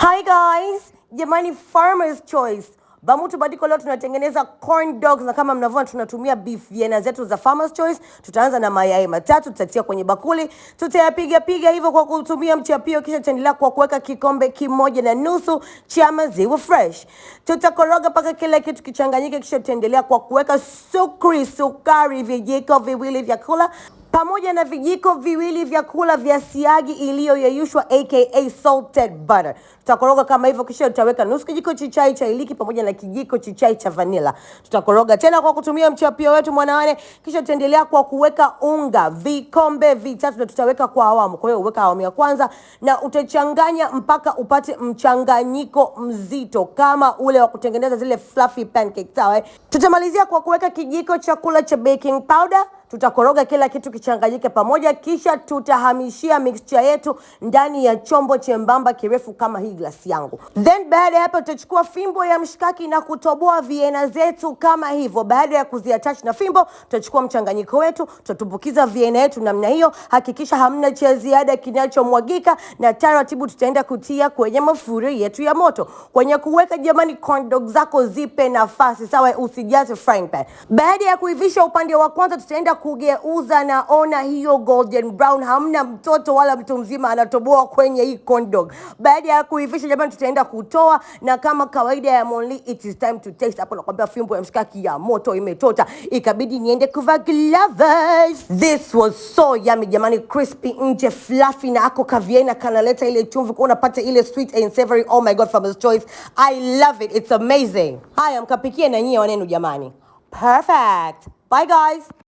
Hi guys, jamani, Farmers Choice Bamutu Badiko, leo tunatengeneza corn dogs, na kama mnavyoona tunatumia beef vienna zetu za Farmers Choice. Tutaanza na mayai matatu, tutatia kwenye bakuli, tutayapiga piga hivyo kwa kutumia mchapio, kisha tutaendelea kwa kuweka kikombe kimoja na nusu cha maziwa fresh. Tutakoroga mpaka kila kitu kichanganyike, kisha tutaendelea kwa kuweka sukari, sukari vijiko viwili vya kula pamoja na vijiko viwili vya kula vya siagi iliyoyeyushwa aka salted butter. Tutakoroga kama hivyo, kisha tutaweka nusu kijiko cha chai cha iliki pamoja na kijiko cha chai cha vanilla. Tutakoroga tena kwa kutumia mchapio wetu mwanawane, kisha tutaendelea kwa kuweka unga vikombe vitatu, na tutaweka kwa awamu. Kwa hiyo uweka awamu ya kwanza na utachanganya mpaka upate mchanganyiko mzito kama ule wa kutengeneza zile fluffy pancake, sawa eh? Tutamalizia kwa kuweka kijiko cha kula cha baking powder Tutakoroga kila kitu kichanganyike pamoja, kisha tutahamishia mixture yetu ndani ya chombo chembamba kirefu kama hii glasi yangu. Then baada ya hapo tutachukua fimbo ya mshikaki na kutoboa viena zetu kama hivyo. Baada ya kuziattach na fimbo, tutachukua mchanganyiko wetu, tutatumbukiza viena yetu namna hiyo. Hakikisha hamna cha ziada kinachomwagika, na taratibu tutaenda kutia kwenye mafuri yetu ya moto. Kwenye kuweka, jamani, corn dog zako zipe nafasi sawa, usijaze frying pan. Baada ya kuivisha upande wa kwanza, tutaenda kugeuza, naona hiyo golden brown, hamna mtoto wala mtu mzima anatoboa kwenye hii corn dog. Baada ya kuivisha, jamani, tutaenda kutoa, na kama kawaida ya Monli, it is time to taste. Hapo nakwambia fimbo ya mshikaki ya moto imetota, ikabidi niende kuvaa gloves. This was so yummy jamani, crispy nje, fluffy na ako kaviena kanaleta ile chumvi, kwa unapata ile sweet and savory. Oh my god, Farmer's Choice, I love it, it's amazing. Haya, mkapikie na nyie wanenu jamani. Perfect. Bye guys.